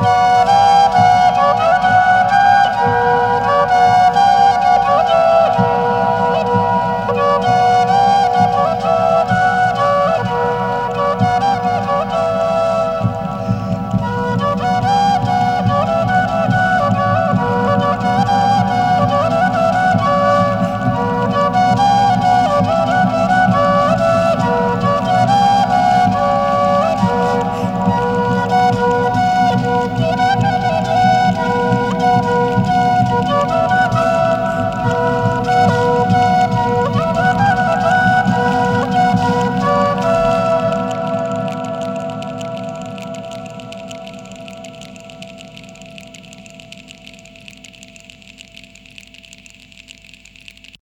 Música